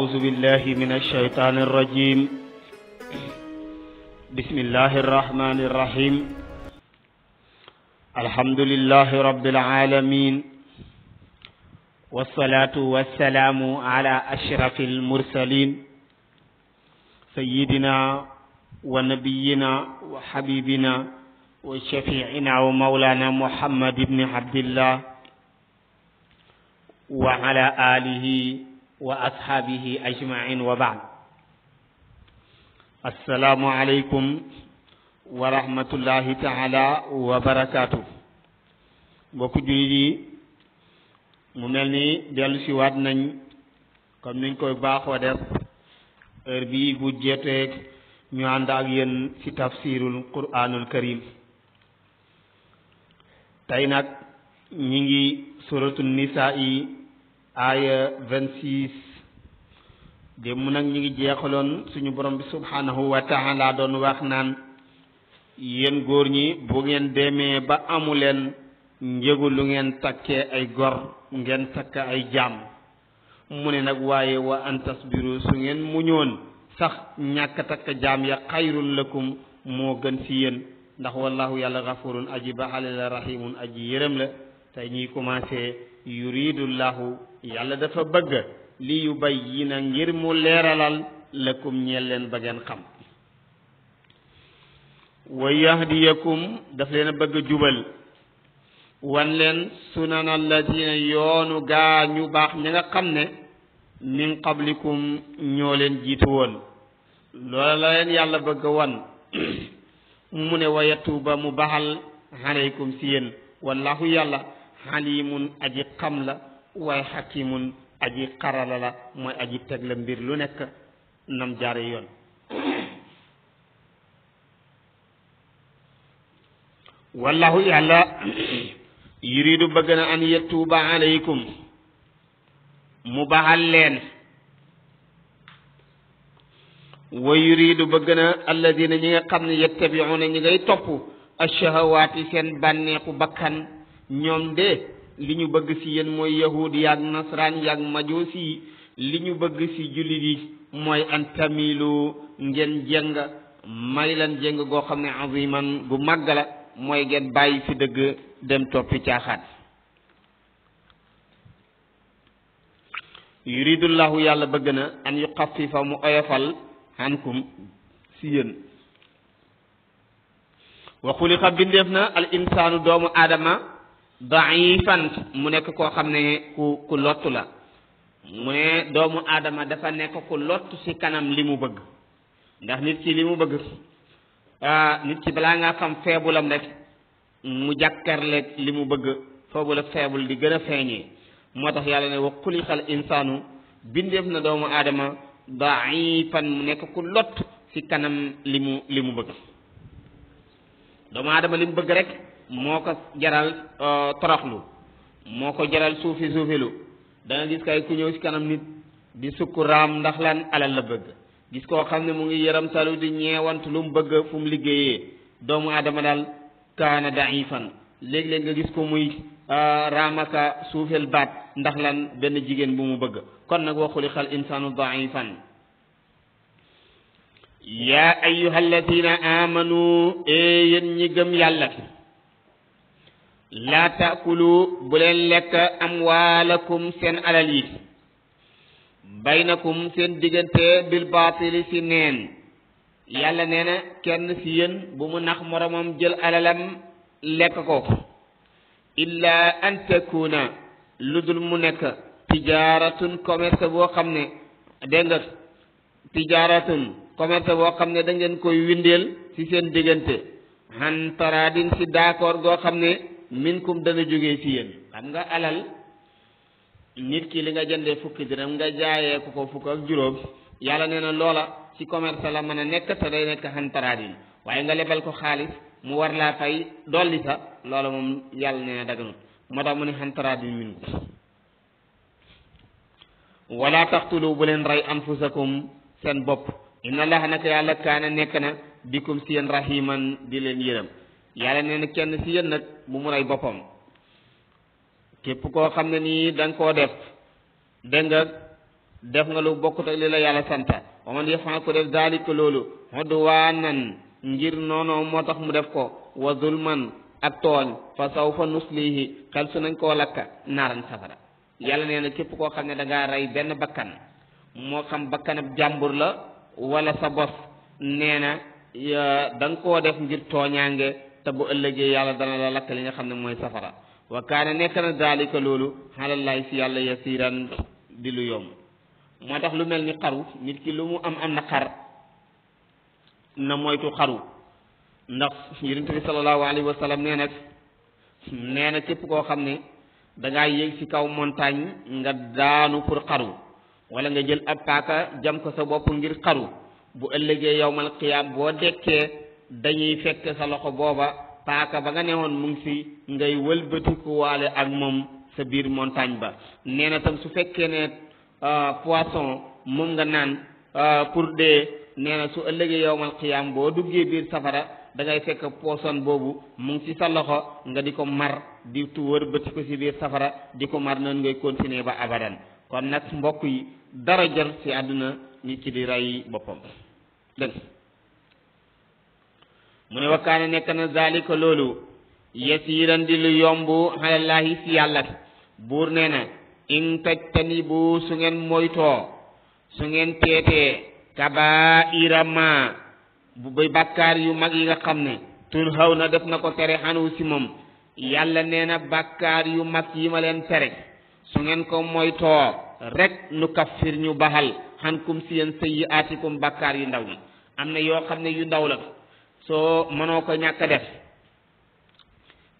أعوذ بالله من الشيطان الرجيم بسم الله الرحمن الرحيم الحمد لله رب العالمين والصلاة والسلام على أشرف المرسلين سيدنا ونبينا وحبيبنا وشفيعنا ومولانا محمد بن عبد الله وعلى آله wa ashaabihi ajmain wa baad assalaamu aleykum wa rahmatullahi taala wa barakaatu mbokku jullit yi mu mel ni dellu si waat nañ comme niñ koy baaxoo def heure bii bu jeeteeg ñu ànd ak yéen ci tafsirul quraanul karim tey nag ñi ngi suratu nisaa yi aaya vingt-six démb nag ñu ngi jeexaloon suñu borom bi subhanahu wa taala doon waax naan yéen góor ñi bu ngeen demee ba amuleen njëgu lu ngeen takkee ay gor ngeen takk ay jaam mu ne nag waaye wa an tasbiru su ngeen muñoon sax ñàkk takk jaam ya xayrun lakum moo gën ci yéen ndax wallahu yàlla gafurun aji baxale la rahimun aji yërëm la tey ñuy commencé yuridullahu yàlla dafa bëgg li yubayyina ngir mu leeralal lakum ñeel leen ba ngeen xam wa yahdiyakum daf leen bëgg jubal wan leen sunan alladina yoonu gaa ñu baax ña nga xam ne min qablikum ñoo leen jiitu woon loola la leen yàlla bëgg wan mu ne wa yatuuba mu baxal aleykum si yéen wallahu yàlla حليم أجي قملة واي حكيم أجي قرالة ما أجي تغلم بير لونك نم جاريون والله يعلى يريد بغنا أن يتوب عليكم مبعلين ويريد بغنا الذين يقمن يتبعون نيغي توبو الشهوات سين بانيكو بكان ñoom de li ñu bëgg si yéen mooy yahud yaag nasraan yaag majuus yi li ñu bëgg si jullit yi mooy an tamilu ngeen jëng may lan goo xam ne aziman gu màgg la mooy ngeen bàyyi fi dëgg dem toppi caaxaan yuridullahu yàlla bëgg na an yuxafifa mu oyofal hankum si yéen wa xuliqa bindeef na al insaanu doomu aadama daifan mu nekk koo xam ne ku ku lottu la mu ne doomu aadama dafa nekk ku lottu ci kanam li mu bëgg ndax nit ci li mu bëgg ah, nit ci balaa ngaa xam feebulam rek mu jàkkarleeg li mu bëgg foofu la feebul di gën a feeñee moo tax yàlla ne wa xuliqal insaanu bindeef na doomu aadama daifan mu nekk ku lott ci kanam li mu li mu bëgg doomu aadama li mu bëgg rek moo ko jaral euh, toroxlu moo ko jaral suufi suufilu da gis kay ku ñëw ci kanam nit di sukk raam ndax lan alal la bëgg gis koo xam ne mu ngi yaram salu di ñeewant lu mu bëgg fu mu liggéeyee doomu aadama daal kaana daifan léeg-léeg nga gis ko muy euh, raamaka suufel baat ndax lan benn jigéen bu mu bëgg kon nag waxuli xal insaanu daifan yaa ayyuha alladina amanu yéen ñi gëm yàlla laa taakulu bu leen lekk amwaalakum seen alal yi baynakum seen diggante bil baatili ci neen yàlla nee na kenn ci yéen bu mu nax moromam jël alalam lekk ko illaa an takuna lu dul mu nekk tijaaratun commerce boo xam ne dégg nga tijaaratun commerce boo xam ne da ngeen koy windeel ci seen diggante han taraadin ci d'accord goo xam ne minkum dana jógee ci yéen xam nga alal nit kii li nga jëndee fukki dërëm nga jaayee ko ko fukk ak juróom yàlla nee na loola ci commerce la mën a nekk te day nekk xantaraat yi waaye nga lebal ko xaalis mu war laa fay dolli sa loola moom yàlla nee na daganut moo tax mu ne xantaraat yi minkum wala taqtulu bu leen rey anfusakum seen bopp inna na naka yàlla kaana nekk na bikum si yéen rahiman di leen yërëm yàlla nee na kenn ci yéen bu mu rey boppam képp koo xam ne nii danga koo def dégg nga def nga lu bokkut ak li la yàlla santa wa man yafal ko def daalika loolu udwaanan ngir noonu moo tax mu def ko wa man ak tooñ fa sawfa nuslihi xel su nañ koo lakka naaran safara yàlla nee képp koo xam ne da rey benn bakkan moo xam bakkanab jàmbur la wala sa bos nee na koo def ngir tooñaange te bu ëllëgee yàlla dana la lakk li nga xam ne mooy safara wa kaana nekk na daalika loolu xalallaay si yàlla yasiran di lu yomb moo tax lu mel ni xaru nit ki lu mu am am na xar na moytu xaru ndax yonent bi sallallahu alayhi wa nee na nee na képp koo xam ne dangay yéeg ci kaw montagne nga daanu pour xaru wala nga jël ab paaka jam ko sa bopp ngir xaru bu ëllëgee yowmal qiyaam boo dekkee dañuy fekk sa loxo booba paaka ba nga newoon mu ngi si ngay wëlbatiku waale ak moom sa biir montagne ba nee na tam su fekkee ne euh, poisson moom nga naan euh, pour dee nee su ëllëgee yowmal xiyaam boo duggee biir safara dangay ngay fekk poison boobu mu ngi ci sa loxo nga di ko mar di tu wëlbati ko si biir safara di ko mar noonu ngay continuer ba abadan kon nag mbokk yi dara jël si àdduna nit ki di rey boppam dégg mu ne wakkaane nekk na zalika loolu yasiran di lu yomb xalallahi si yàlla buur nee na in bu su ngeen moytoo su ngeen teetee kabaira ma bu bay bàkkaar yu mag yi nga xam ne tun xaw na def na ko tere xanu si moom yàlla nee na bàkkaar yu mag yi ma leen tere su ngeen ko moytoo rek nu kaffir ñu baxal xankum si yéen sayyiaatikum bàkkaar yu ndaw yi am na yoo xam ne yu ndaw la soo mënoo ko ñàkk def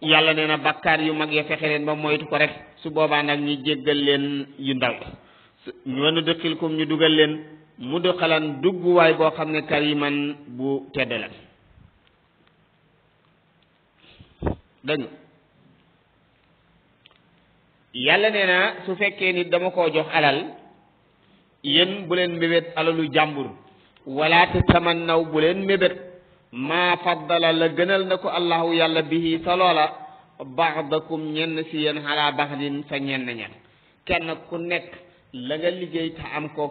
yàlla nee na bakkaar yu mag ya fexe leen ba moytu ko rek su boobaa nag ñu jéggal leen yu ndaw ñu wan dëkkil kum ñu duggal leen mu dëkkalan dugguwaay boo xam ne kariman bu tedd la dégg yàlla nee na su fekkee nit dama koo jox alal yéen bu leen mébét alalu jàmbur wala te tamannaw bu leen mébét maa faddala la gënal na ko allahu yàlla bi bihi sa loola baxdakum ñenn ci yéen xalaa baxdin sa ñenn ña kenn ku nekk la nga liggéey te am ko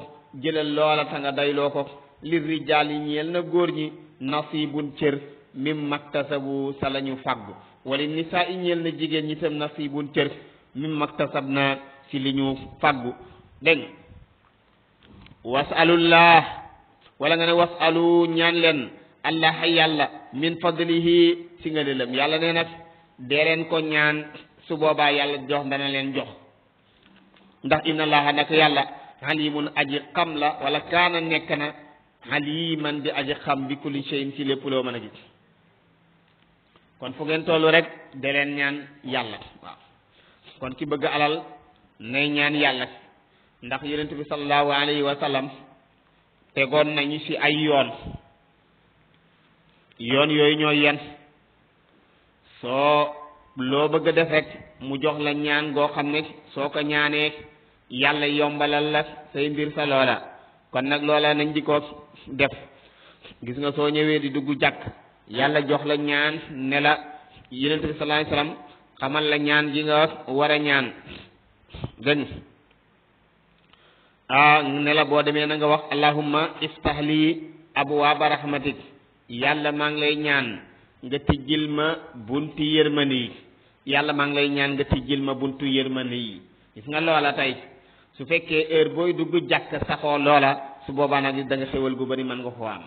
jëlal loola ta nga dayloo ko li rijaal yi ñeel na góor ñi nasibun cër mim maktasabu sa la ñu faggu wala nisaa yi ñeel na jigéen ñi tam nasibun cër mim maktasab na si li ñu faggu dégg wasalullah wala nga ne wasalu ñaan leen allah yàlla min fadlihi si ngëneelam yàlla nee nag dee leen ko ñaan su boobaa yàlla jox dana leen jox ndax inna allaha nag yàlla alimun aji xam la wala kaana nekk na aliman di aji xam bi kulli shay'in si lépp loo mën a gis kon fu tollu rek dee leen ñaan yàlla waaw kon ki bëgg alal nay ñaan yàlla ndax yonent bi sallallahu alayhi wa sallam tegoon nañu si ay yoon yoon yooyu ñoo yan soo loo bëgg a def mu jox la ñaan goo xam ne soo ko ñaanee yàlla yombalal la say mbir sa loola kon nag loola nañ di ko def gis nga soo ñëwee di dugg jàkk yàlla jox la ñaan nela la bi sallallahu alayhi wasallam xamal la ñaan ji nga war a ñaan gën ah boo demee na nga wax allahumma iftah lii abwaaba rahmatik yàlla maa lay ñaan nga tijjil ma buntu yërmande yàlla maa ngi lay ñaan nga tijjil ma buntu yërmande yi gis nga loola tey su fekkee heure booy dugg jàkk saxoo loola su boobaa nag da nga xéwal gu bari mën nga ko am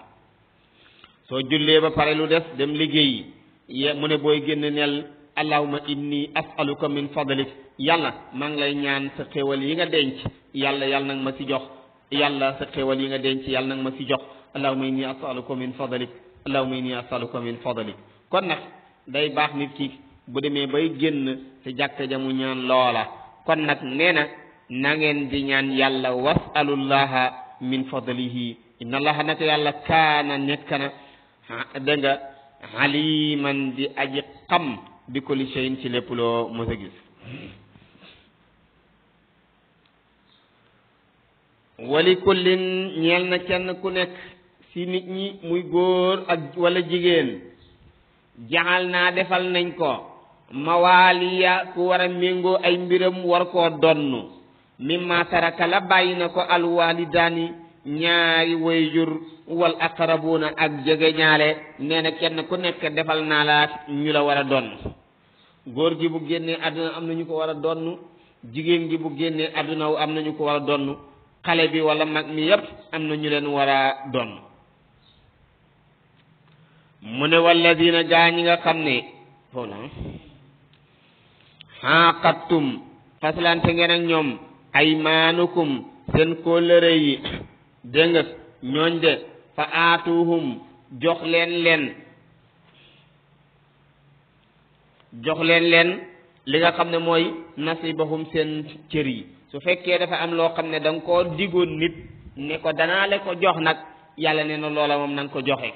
soo jullee ba pare lu des dem liggéey ye mu ne booy génn neel allahuma inni asaluka min fadlik yàlla maa ngi lay ñaan sa xéwal yi nga denc yàlla yàlla nag ma si jox yàlla sa xéwal yi nga denc yàlla nag ma si jox allahuma inni asaluka min fadlik allahumma inni asaluka min fadlik kon nag day baax nit ki bu demee bay génn ci jàkka ja mu ñaan loola kon nag nee na na ngeen di ñaan yàlla wasalullaha min fadlihi inna allaha naka yàlla kaana nekk na dégg nga aliman di aji xam bi kulli shay'in ci lépp loo mos a gis wali ñeel na kenn ku nekk si nit ñi muy góor ak walla jigéen jaxal naa defal nañ ko mawaaliya ku war a méngoo ay mbiram war koo donn mimma taraka la bàyyi na ko alwalidaani ñaari wayjur wal aqrabuuna ak jege ñaale nee na kenn ku nekk defal naa la ñu la war a donn góor gi bu génnee àdduna am na ñu ko war a donn jigéen gi bu génnee àdduna am na ñu ko war a donn xale bi wala mag mi yépp am na ñu leen war a donn mu ne walladina gaa ñi nga xam ne foofu la xaaqattum faslante ngeen ak ñoom aymaanukum seen kóllëre yi dégg nga ñooñ de fa aatuhum jox leen leen jox leen leen li nga xam ne mooy nasibahum seen cër yi su fekkee dafa am loo xam ne da ko koo digoon nit ne ko danaa la ko jox nag yàlla nee na loola moom na ko joxe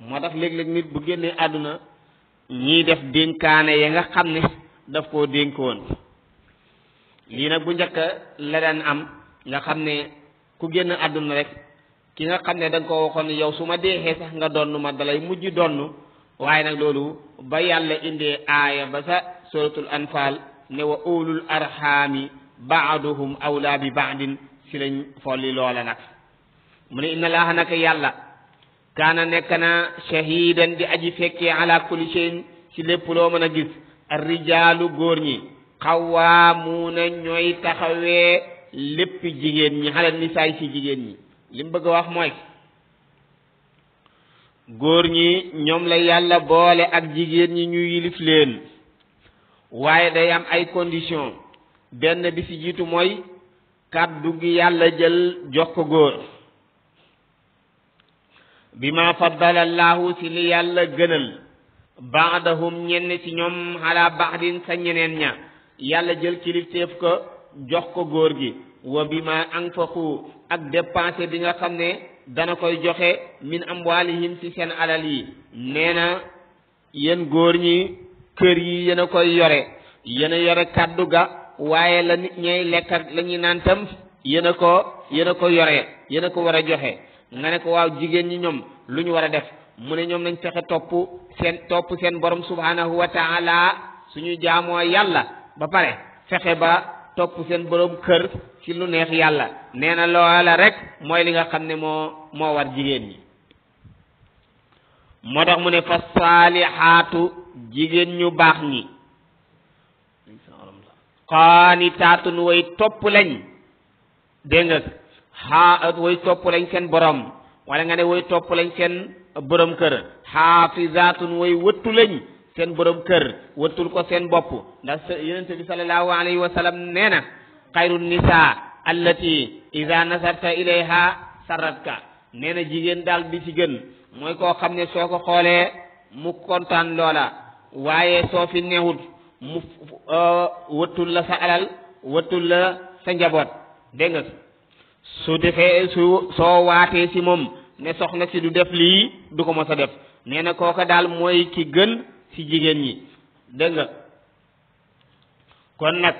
moo tax léeg-léeg nit bu génnee àdduna ñiy def dénkaane ya nga xam ne daf koo dénkoon lii nag bu njëkk la daan am nga xam ne ku génn àdduna rek ki nga xam ne da ko waxoon yow su ma deexee sax nga donn ma dalay mujj donn waaye nag loolu ba yàlla indee aaya ba sa suratul anfal ne wa ulul arxaami baaduhum awlaa baadin si lañ folli loola nag mu ne inna laaha naka yàlla kaana nekk na shahidan di aji fekkee ala kulli shay'in ci lépp loo mën a gis rijaalu góor ñi xawaamuuna ñooy taxawee lépp jigéen ñi xalal nisaay ci jigéen ñi li mu bëgg a wax mooy góor ñi ñoom la yàlla boole ak jigéen ñi ñuy yilif leen waaye day am ay condition benn bi ci jiitu mooy kàddu gi yàlla jël jox ko góor bi ma faddala allahu si li yàlla gënal baadahum ñenn ci ñoom ala baadin sa ñeneen ña yàlla jël kilifteef ko jox ko góor gi wa bi ma anfaqu ak dépensé di nga xam ne dana koy joxe min am amwalihim ci seen alal yi nee na yéen góor ñi kër yi yéen a koy yore yéen a yore kàddu ga waaye la nit ñay lekk ak la ñuy naan tam yéen a ko yéen ko yore yéen a ko war a joxe nga ne ko waaw jigéen ñi ñoom lu ñu war a def mu ne ñoom nañ fexe topp seen topp seen borom subhanahu wa taala suñu jaamoo yàlla ba pare fexe ba topp seen borom kër ci lu neex yàlla nee na loola rek mooy li nga xam ne moo moo war jigéen ñi moo tax mu ne fa saalihaatu jigéen ñu baax ñi qaanitaatun way topp lañ dégg xaa woy topp lañ seen borom wala nga ne woy topp lañ seen borom kër xaafizaatun woy wëttu lañ seen borom kër wëttul ko seen bopp ndax yonent bi sallallahu alayhi wa sallam nee na xayru nisaa allati ida nasarta ilayha na jigéen daal bi ci gën mooy koo xam ne soo ko xoolee mu kontaan loola waaye soo fi neexut mu euh, wëttul la sa alal wëttul la sa njaboot dégg su defee su soo waatee ci moom ne soxna si du def lii du ko mos a def nee na daal mooy ki gën ci jigéen ñi dégg kon nag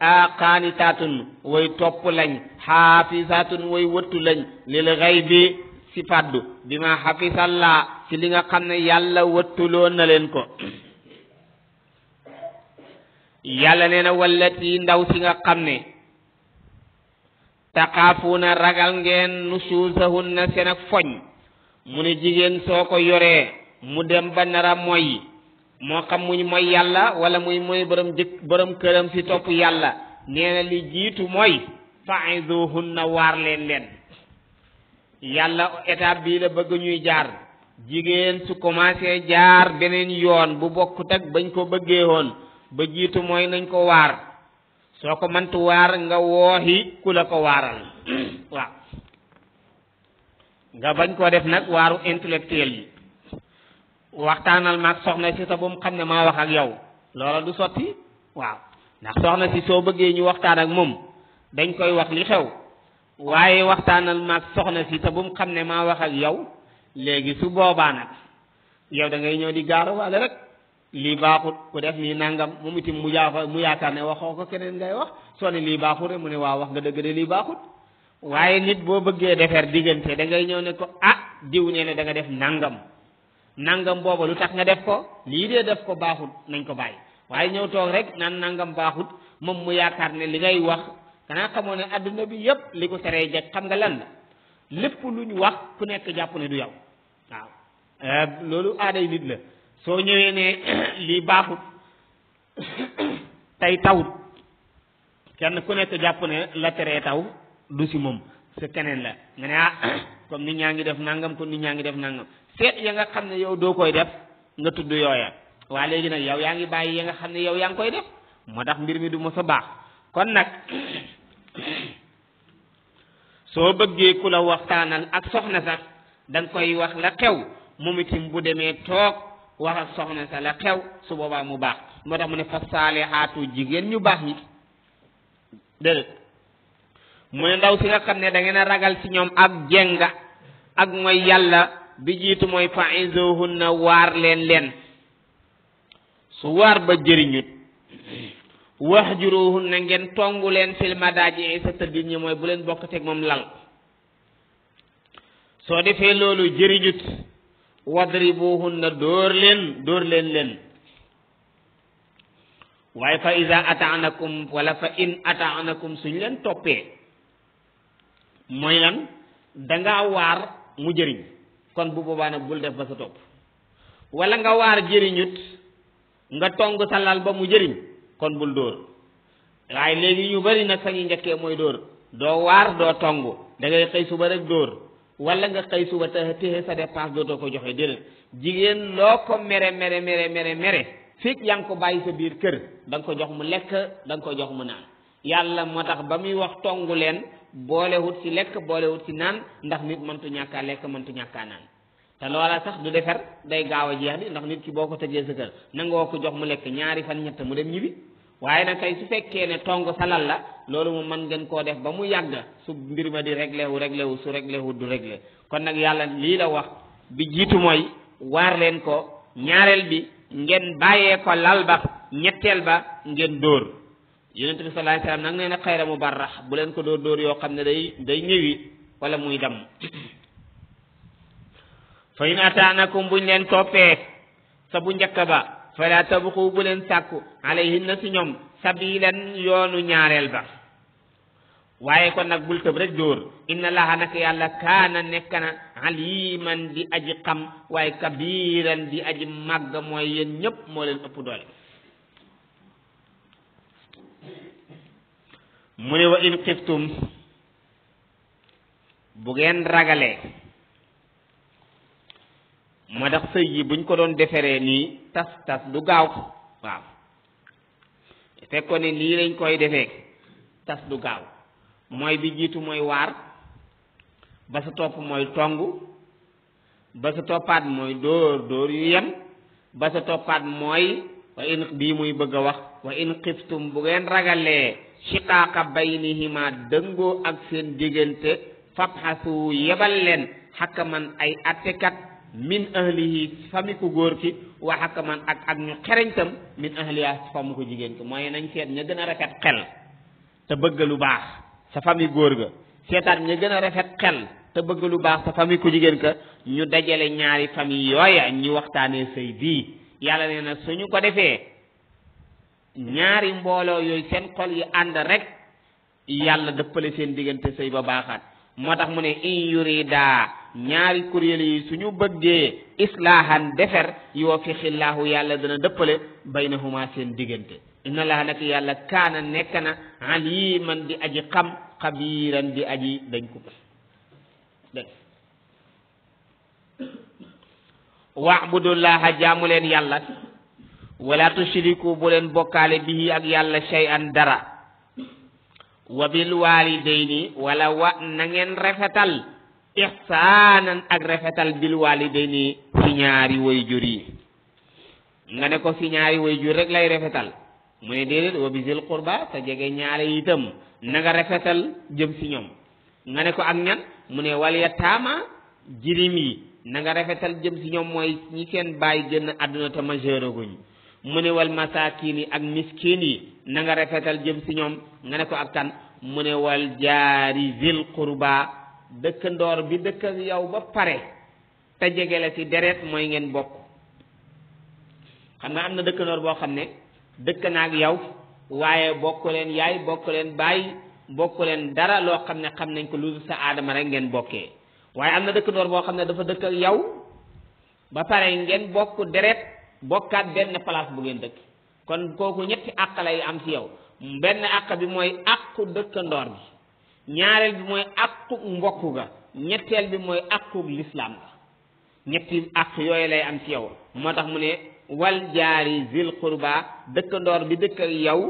a qaanitaatun way topp lañ xaafisaatun way wëttu lañ lil xaybi si fàddu bi ma xafisallaa ci li nga xam ne yàlla wëttuloo a leen ko yàlla nee na wallati ndaw si nga xam ne taqaafuuna ragal ngeen nusuusahunna seen ak foñ mu ne jigéen soo ko yoree mu dem ba nara moy moo xam muy moy yàlla wala muy moy borom jëkk borom këram si topp yàlla nee na li jiitu mooy faizuhunna waar leen leen yàlla étape bii la bëgg ñuy jaar jigéen su commencé jaar beneen yoon bu bokkut ak bañ ko bëggee woon ba jiitu mooy nañ ko waar soo ko mëntu waar nga wooxi ku la ko waaral waaw nga bañ koo def nag waaru intellectuel yi waxtaanal maag soxna si sa bu mu xam ne maa wax ak yow loola du sotti waaw ndax soxna si soo bëggee ñu waxtaan ak moom dañ koy wax li xew waaye waxtaanal maag soxna si te bu mu xam ne maa wax ak yow léegi su boobaa nag yow da ñëw di gaaruwaale rek li baxut ku def ni nangam mu yafa mu ne waxoo ko keneen ngay wax so ni lii baaxut mu ne wa wax nga deug de li baxut waye nit bo bëggee defer diggante da ngay ñew ne ko ah diw nee da nga def nangam nangam bobu lu tax nga def ko li de def ko baxut nañ ko bàyyi waye ñew tok rek nan nangam baxut moom mu ne li ngay wax kana xamone ne bi yeb li ko teree jeg xam nga lan lepp lépp wax ku nekk japp ne du yaw waaw eh, lolu aaday nit la soo ñëwee ne lii baaxut tey tawut kenn ku nekk jàpp ne la teree taw du si moom sa keneen la nga ne ah comme nit ñaa ngi def nangam comme nit ñaa ngi def nangam seet ya nga xam ne yow doo koy def nga tudd yooya waa léegi nag yow yaa ngi bàyyi ya nga xam ne yow yaa ngi koy def moo tax mbir mi du mos a baax kon nag soo bëggee ku la waxtaanal ak soxna sax da koy wax la xew moom itam bu demee toog wax a soxna sa la xew su boobaa mu baax moo tax mu ne fa saalihaatu jigéen ñu baax yi déedéet mu ne ndaw si nga xam ne da ngeen ragal ci ñoom ak jenga ak mooy yàlla bi jiitu mooy fa izuhunna waar leen leen su waar ba jëriñut wax juróohunna ngeen tongu leen filma daaji isa tëddin ñi mooy bu leen bokkateeg moom lal soo defee loolu jëriñut wadribuhunna dóor leen dóor leen leen waaye fa iza ataanakum wala fa in ataanakum suñ leen toppee mooy lan dangaa waar mu jëriñ kon bu boobaa nag bul def ba sa topp wala nga waar jëriñut nga tong sa lal ba mu jëriñ kon bul dóor waaye léegi ñu bari nag fa ñuy njëkkee mooy dóor doo waar doo tong da ngay xëy suba rek dóor wala nga xëy suba te téye sa dépense dootoo ko joxe déedéet jigéen loo ko mere mere mere mere mere fekk yaa ko bàyyi sa biir kër danga ko jox mu lekk danga nga ko jox mu naan yàlla moo tax ba muy wax tongu leen boolewut ci lekk boolewut ci naan ndax nit mëntu ñàkkaa lekk mëntu ñàkkaa naan te loola sax du defar day gaaw a jeex di ndax nit ci boo ko tëjee sa kër nangoo ko jox mu lekk ñaari fan ñett mu dem ñibbi waaye nag kay su fekkee ne tong salal la loolu mu mën ngeen koo def ba mu yàgg su mbir ma di réglé wu réglé wu su réglé wu du réglé kon nag yàlla lii la wax bi jiitu mooy waar leen ko ñaareel bi ngeen bàyyee ko lal ba ñetteel ba ngeen dóor yonent bi sallallahu alayhi wasallam nag nee na xayra mu barrax bu leen ko dóor dóor yoo xam ne day day ñëwi wala muy dem fa in ataanakum buñ leen toppee sa bu njëkk ba fala tabxu bu leen sàkku alayhinna si ñoom sabilan yoonu ñaareel ba waaye ko nag bul tëb rek dóor inna laha nag yàlla kaana nekk na aliman di aji xam waaye kabiran di aji màgg mooy yéen ñépp moo leen ëpp doole mu ne wa in xiftum bu ngeen ragalee moo tax sëy yi buñ ko doon deferee nii tas tas du gaaw waaw fekkoon ne nii lañ koy defee tas du gaaw mooy bi jiitu mooy waar ba sa topp mooy tong ba toppaat mooy dóor dóor yu yem ba toppaat mooy wa bii muy bëgg a wax wa in xiftum bu ngeen ragalee shiqaaqa baynihima dëngoo ak seen diggante fabxasu yebal leen xakaman ay attekat min ahlihi fami ku góor ki wa hakaman ak ak ñu xereñtam min ahliha fam ko jigen ko moy nañ seet ña gëna rafet xel te bëgg lu baax sa fami góor ga setan ña gëna rafet xel te bëgg lu baax sa fami ku jigen ka ñu dajale ñaari fami yoya ñu waxtane sey bi yalla neena suñu ko defé ñaari mbolo yoy seen xol yi and rek yalla deppale seen diggante sey ba baaxat motax mu ne in yurida ñaari kuréel yi suñu bëggee islaahan defer yoo fi yàlla dana dëppale baynahuma seen diggante inna laa nag yàlla kaana nekk na aliman di aji xam xabiiran di aji dañ ko dégg waabudullaha jaamu leen yàlla wala tushriku bu leen bokkaale bihi ak yàlla shay'an dara wa bil walidayni wala wa na ngeen rafetal ihsaanan ak rafetal bil walidayni ci ñaari wayjur yi nga ne ko ci ñaari wayjur rek lay rafetal mu ne déedéet wa bisil qurba sa rafetal jëm ci ñoom nga ne ko ak ñan mu ne wal yataama jirim yi na rafetal jëm ci ñoom mooy ñi seen baay génn àdduna te majeure guñ mu ne wal masaakin yi ak miskin yi na nga rafetal jëm ci ñoom nga ne ko ak tan mu ne wal jaari zil qurba dëkkandoor bi dëkk yow ba pare te jege la ci deret mooy ngeen bokk xam nga am na dëkkandoor boo xam ne dëkk na ak yow waaye bokk leen yaay bokk leen bàyyi bokk leen dara loo xam ne xam nañ ko lu sa aadama rek ngeen bokkee waaye am na dëkkandoor boo xam ne dafa dëkk ak yow ba pare ngeen bokk deret bokkaat benn palaas bu ngeen dëkk kon kooku ñetti àq lay am ci yow benn àq bi mooy àqu dëkkandoor bi ñaareel bi mooy àqu mbokk ga ñetteel bi mooy àqu lislaam ga ñetti àq yooyu lay am ci yow moo tax mu ne wal jaari zil qurba dëkkandoor bi dëkk yow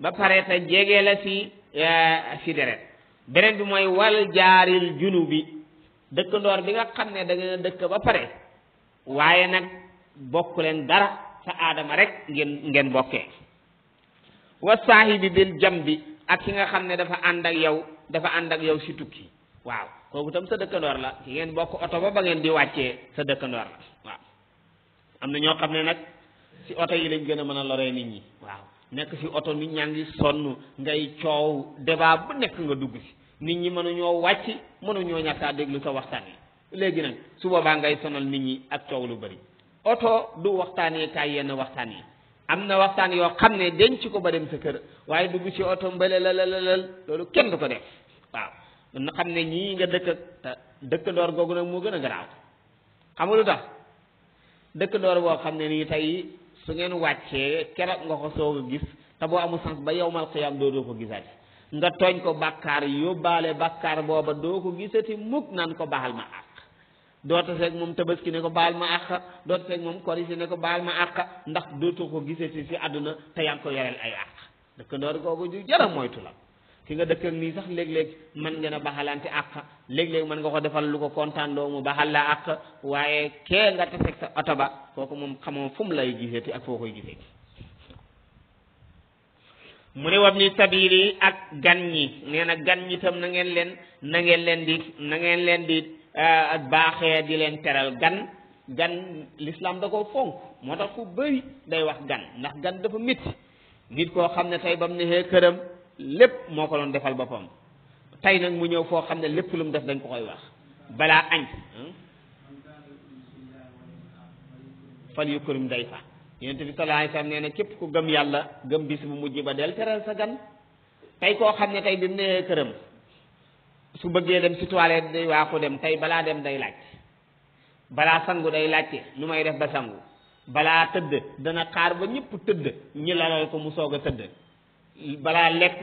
ba pare te jege la si si eh, deret beneen bi mooy wal jaaril junubi dëkkandoor bi nga xam ne danga dëkk ba pare waaye nag bokk leen dara sa aadama rek ngeen ngeen bokkee wa saahibi bi jambi ak ki nga xam ne dafa ànd ak yow dafa ànd ak yow si tukki waaw kooku tam sa dëkkandoor la ki ngeen bokk oto ba ba ngeen di wàccee sa dëkkandoor la waaw am na ñoo xam ne nag si oto yi lañ gën a mën a loree nit ñi waaw nekk si oto nit ñaa ngi sonn ngay coow débat bu nekk nga dugg si nit ñi mënuñoo wàcc mënuñoo ñàkkaa déglu sa waxtaan yi léegi nag su boobaa ngay sonal nit ñi ak coow lu bëri oto du waxtaanee kaay yenn waxtaan yi am na waxtaan yoo xam ne denc ko ba dem sa kër waaye dugg si oto mbële la la loolu kenn du ko def na xam ne ñii nga dëkk dëkkandoor googu nag moo gën a garaaw xam nga lu tax dëkkandoor boo xam ne nii tey su ngeen wàccee keroog nga ko soog a gis te boo amul sens ba yowmal xiyaam doo doo ko gisaati nga tooñ ko bàkkaar yóbbaale bàkkaar doo ko gisati ko baal ma àq doo taseeg moom tabaski ne ko baal ma àq doo taseeg moom korisi ne ko baal ma àq ndax dootu ko gisati si àdduna te yaa ngi ko yoreel ay àq dëkkandoor googu ju jara moytu la ki nga dëkk ak nii sax léeg-léeg mën ngeen a baxalante àq léeg-léeg mën nga ko defal lu ko kontaan loo mu baxal la àq waaye kee nga tefeg sa oto ba kooku moom xamoo fu mu lay giseeti ak foo koy gisee mu ne wab ni sabili ak gan ñi nee na gan ñi tam na ngeen leen nangeen leen di nangeen leen di eh, baaxee di leen teral gan gan l'islam da ko fonk moo tax ku bëri day wax gan ndax gan dafa métti nit koo xam ne tey bam ne xee këram lépp moo ko doon defal boppam tey nag mu ñëw foo xam ne lépp lu mu def dañ ko koy wax balaa añ fal yu kërum day fa yonent bi képp ku gëm yàlla gëm bis bu mujj ba del teral sa gan tey koo xam ne tey bi mu nee këram su bëggee dem ci toilette day waaxu dem tey balaa dem day laaj balaa sangu day laajte nu may def ba sangu balaa tëdd dana xaar ba ñëpp tëdd ñi lalal ko mu soog a tëdd balaa lekk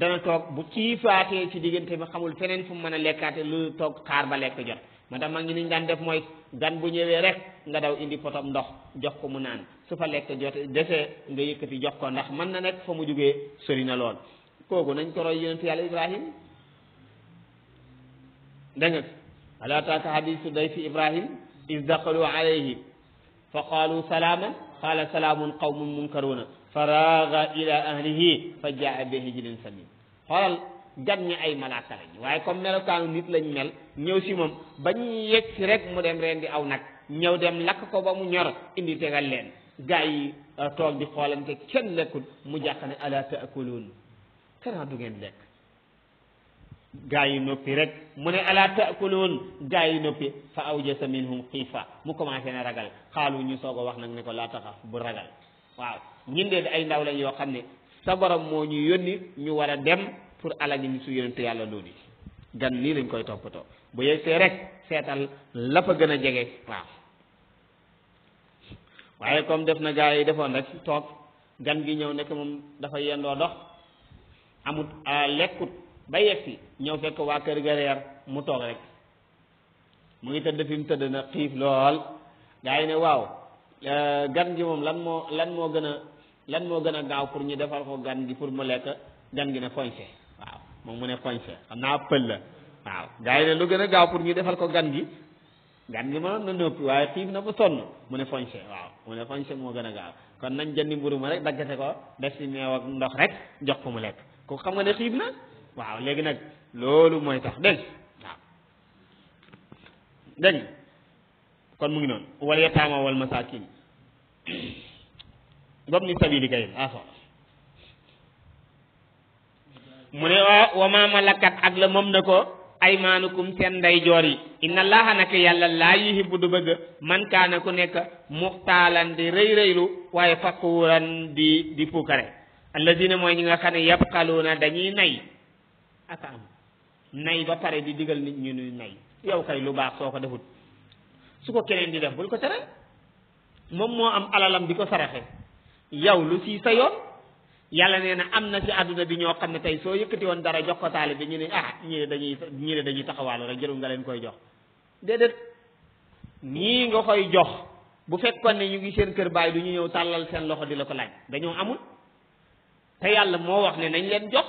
dana toog bu xiifaatee ci diggante bi xamul feneen fu mu mën a lekkaate lu toog xaar ba lekk jot ma tax mag ñi niñ daan def mooy gan bu ñëwee rek nga daw indi potam ndox jox ko mu naan su fa lekk jot desee nga yëkkati jox ko ndax mën na nekk fa mu jógee sori na lool kooku nañ ko roy yonent yàlla ibrahim dégg nga alaa taaka hadisu dayfi ibrahim is daqalu alayhi fa qaalu salaaman qaala salaamun qawmun munkaruuna faraaga ila ahlihi fa jaa bi hijlin samin xoolal gan ñi ay malaaka lañu waaye comme melokaanu nit lañu mel ñëw si moom ba ñu yegg si rek mu dem rendi aw nag ñëw dem lakk ko ba mu ñor indi tegal leen gaa yi euh, toog di xoolante kenn lekkul mu jàq ne ala taakuluun xanaa du ngeen lekk gaa yi noppi rek mu ne ala taakuluun gaa yi noppi fa awjasa minhum xiifa mu commencé na ragal xaalu ñu soog wax nag ne ko laa taxaf bu ragal waaw ñun de ay ndaw lañ yoo xam ne sa boroom moo ñu yónni ñu war a dem pour alal ñu su yónnante yàlla loolu gan nii lañ koy toppatoo bu yegsee rek seetal la fa gën a jege waaw comme def na gaa yi defoon rek toog gan gi ñëw nekk moom dafa yendoo dox amut lekkut ba yegsi ñëw waa kër ga mu toog rek mu ngi tëdd fi mu tëdd na lool gaa euh, moom lan moo lan moo gën a lan moo gën a gaaw pour ñu defal ko gan gi pour mu lekk gan gi ne foñse waaw moom mu ne foñse xam naa pël la waaw gars yi ne lu gën a gaaw pour ñu defal ko gan gi gan gi ma na noppi waaye xiif na ba sonn mu ne foñse waaw mu ne foñse moo gën a gaaw kon nañ jëndi mburu ma rek daggate ko def si meew ak ndox rek jox ko mu lekk ko xam nga ne xiif na waaw léegi nag loolu mooy tax dégg waaw dégg kon mu ngi noonu wal yataama wal masaakin wabni sabili kay aso mu ne wa oh, wa ma ak la moom na ko ay aymaanukum seen ndeyjoor yi inna allaha yàlla laa yuhibbu du bëgg man ku nekk muxtaalan di rëy rëylu waaye faquuran di di puukare alladina ne yabxaluuna dañuy nay aka am ba pare di digal nit ñu nuy nay yow kay lu baax soo ko defut su ko keneen di def bul ko tere moom moo am alalam di ko saraxe yow lu sii sa yoon yàlla nee na am na si àdduna bi ñoo xam ne tey soo yëkkati woon dara jox ko taalibe ñu ne ah ñii dañuy ñii dañuy taxawaalu rek jërul nga leen koy jox déedéet ñii nga koy jox bu fekkoon ne ñu ngi seen kër baay du ñu ñëw tàllal seen loxo di la ko laaj dañoo amul te yàlla moo wax ne nañ leen jox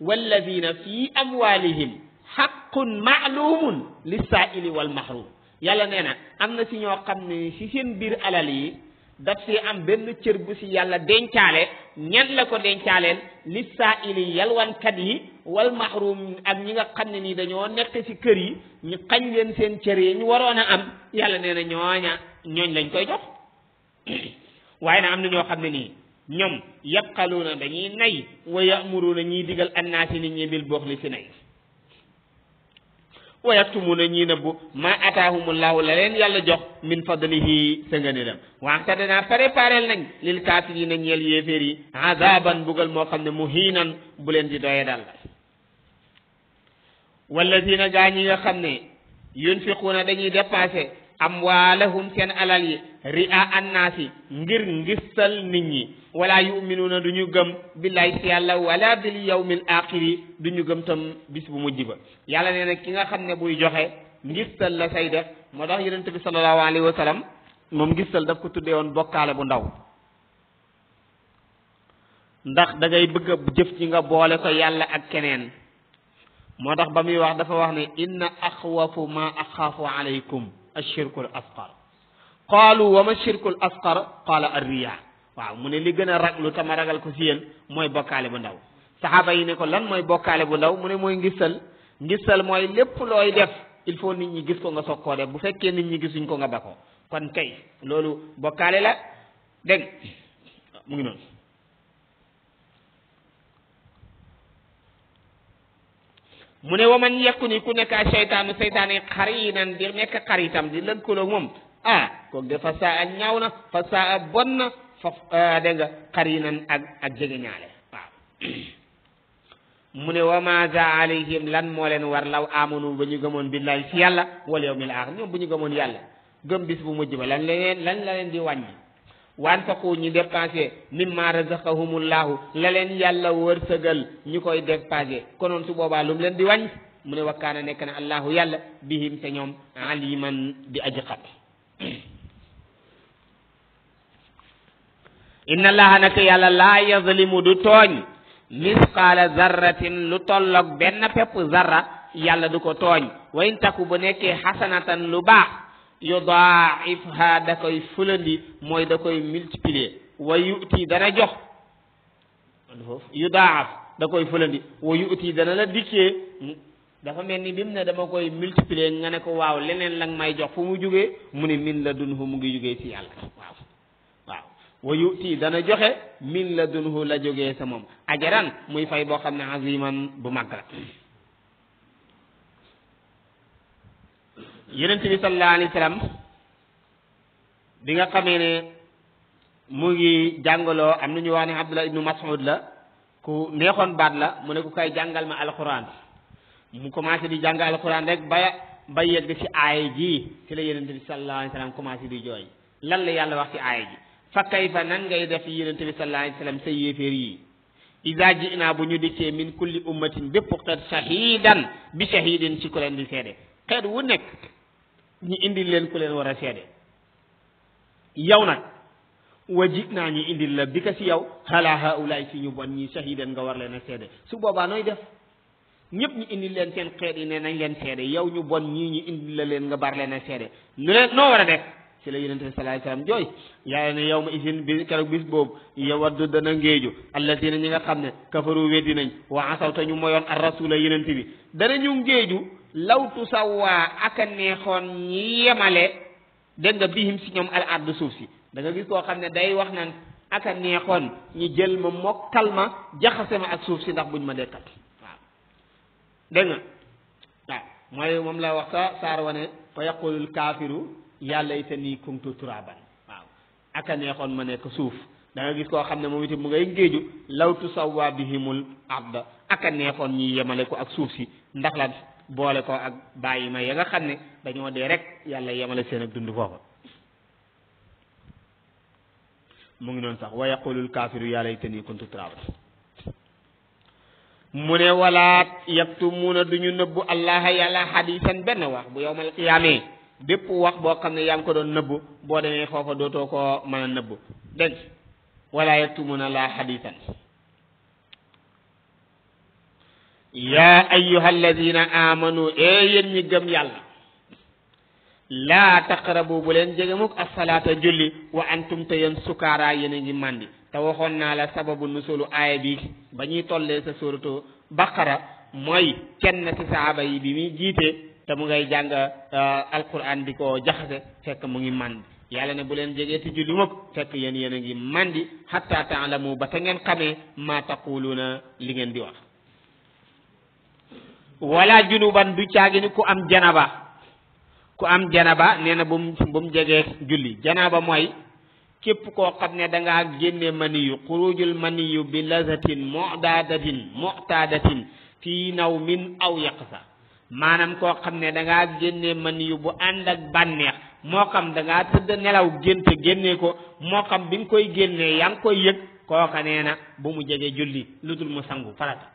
walladina fi amwalihim xaqun maalumun lissaaili wal mahrum yàlla nee na am na ci ñoo xam ne ci seen biir alal yi daf si am benn cër bu ci yàlla dencaale ñen la ko dencaaleel li saa ili yalwankat yi wal mahrum ak ñi nga xam ne nii dañoo nekk si kër yi ñu xañ leen seen cër yi ñu waroon a am yàlla nee na ñooña ñooñ lañ koy jox waaye na am na ñoo xam ne nii ñoom yabxaluuna dañuy nay wa yamuruuna ñiy digal annaasi nit ñi bil boox li ci nay wa yaktumuna ñii nëbbu ma ataahumullahu la leen yàlla jox min fadlihi sa ngëneelam waxta danaa préparel nañ lil kaafirina ñeel yéeféer yi azaban bugal moo xam ne muhiinan bu leen di doye dal wallazina ga ñi nga xam ne yunfiquuna dañuy dépensé amwaalahum seen alal yi ria annaasi ngir ngistal nit ñi wala yuminuuna du ñu gëm billahi si yàlla wala bil yawmil axiri du ñu gëm tam bis bu mujj ba yàlla nee na ki nga xam ne buy joxe ngistal la say def moo tax yonent bi sallallahu alayhi wa sallam moom ngistal daf ko tuddee woon bokkaale bu ndaw ndax dangay ngay bëgg a jëf ci nga boole ko yàlla ak keneen moo tax ba muy wax dafa wax ne inna axwafu ma axaafu alaykum ashirku al asqar qaalu wa ma shirku al asqar qaala arriya waaw mu ne li gën a rag raglu tama ragal ko si yéen mooy bokkaale bu ndaw saxaaba yi ne ko lan mooy bokkaale bu ndaw mu ne mooy ngisal ngisal mooy lépp looy def il faut nit ñi gis ko nga soog koo def bu fekkee nit ñi gisuñ ko nga ba ko kon kay loolu bokkaale la dégg mu ngi noonu mu ne wa man yekku ni ku nekk a seytaanu yi xarinan di nekk xaritam di lëkkaloo moom ah kooku de fasaa ak ñaaw na fasaa ak bon na fa ah, dégg nga xarinan ak ak jegeñaale waaw mu ne wa maza alayhim lan moo leen war law amanu ba ñu gëmoon bi billahi ci yàlla wal yawmil axir ñoom bu ñu gëmoon yàlla gëm bis bu mujj ba lan la leen lan la leen di wàññi wanfaqu ñu dépensé mimma razaqahumullahu la leen yàlla wërsëgal ñu koy dépensé konoon su boobaa leen di wañ mu ne wakkaana nekk na allahu yàlla bihim te ñoom aliman di aji xam inna allaha naka yàlla laa yazlimu du tooñ misqaala zarratin lu tolloog benn pepp zarra yàlla du ko tooñ wa in taku nekkee xasanatan lu baax yudaifha da koy fulandi mooy da koy multiplier wa yuti dana jox yu yudaaf da koy fulandi wa uti dana la dikkee dafa mel ni bi mu ne dama koy multiplier nga ne ko waaw leneen la may jox fu mu jógee mu ne min la dund mu ngi jógee ci yàlla waaw waaw wa yuti dana joxe miin la dunhu la jógee sa moom ajaran muy fay boo xam ne aziman bu mag la yonent bi sallallahu alayhi wa sallam bi nga xamee ne mu ngi jàngaloo am na ñu wax ne Abdullah ibnu Mas'ud la ku neexoon baat la mu ne ku kay jàngal ma alxuraan mu commencé di jàng alxuraan rek ba ba yegg ci aaya ji ci la yonent bi sallallahu alayhi wa sallam commencé di jooy lan la yàlla wax ci aaya ji fa kay fa nan ngay def yonent bi sallallahu alayhi wa sallam sa yéeféer yi iza ji'na bu ñu dikkee min kulli ummatin bépp xeet shahidan bi shahidin ci ku leen di ñu indil leen ku leen war a seede yow nag wa jig naa ñu indil la bi ka si yow xalaa haulaay si ñu bon ñi shahidan nga war leen a seede su boobaa nooy def ñëpp ñu indil leen seen xeet yi ne nañ leen seede yow ñu bon ñii ñu indil la leen nga bar leen a seede nu leen noo war a def ci la yonente bi salaay salaam jooy yàlla ne yow ma isin bi keroog bis boobu yawaddu dana ngéeju alladina ñi nga xam ne kafaru weddi nañ wa asaw te ñu moyoon ar law tusawwa ak neexon ñi yemale de nga bihim ci ñom al ardu suuf si da nga gis ko xamne day wax nan ak neexon ñi jël ma mokkal ma jaxase ma ak suuf si ndax buñ ma dekkal de nga waaw moy mom la wax sa sar wone fa yaqulul ya laytani kuntu turaban waaw ak neexon ma nek suuf da nga gis ko xamne ne moom mu ngay geejju law tusawwa bihimul arda ak neexon ñi yemale ko ak suuf ndax la boole ko ak bàyyi ma ya nga xam ne dañoo dee rek yàlla yemale seen ak dundu foofa mu ngi noonu sax wa yaqulul yàlla yaa laytanii kuntu turaaban mu ne walaat yaktumuuna du ñu nëbbu allaha yàlla hadiisan benn wax bu yawmal qiyaamee bépp wax boo xam ne yaa ngi ko doon nëbbu boo demee foofa dootoo koo mën a nëbbu dégg wala yaktumuuna laa hadiisan yaa ayyuha alladina amanu ee yéen ñi gëm yàlla laa taqrabu bu leen jege mukk salaata julli wa antum te yéen sukaaraa yéen ngi màndi te waxoon naa la sababu nusulu aaya bi ba ñuy tollee sa suratu baqara mooy kenn ci saaba yi bi muy jiite te mu ngay jàng euh, alquran di ko jaxase fekk mu ngi màndi yàlla ne bu leen jegee ti julli mukk fekk yéen yéen a ngi màndi hatta taalamu ba te ngeen xamee maa taquluuna li ngeen di wax wala junuban du caagini ku am janaba ku am janaba nee na bu mu bu mu jegee julli janaba mooy képp koo xam ne da ngaa génne maniyu xurujul maniyu bi lazatin mudaadatin fii naw min aw yaqsa maanaam koo xam ne da ngaa génne maniyu bu ànd ak bànneex moo xam da tëdd nelaw gént génne ko moo xam bi nga koy génnee yaa ngi koy yëg kooka nee bu mu jege julli lu dul mu sangu farata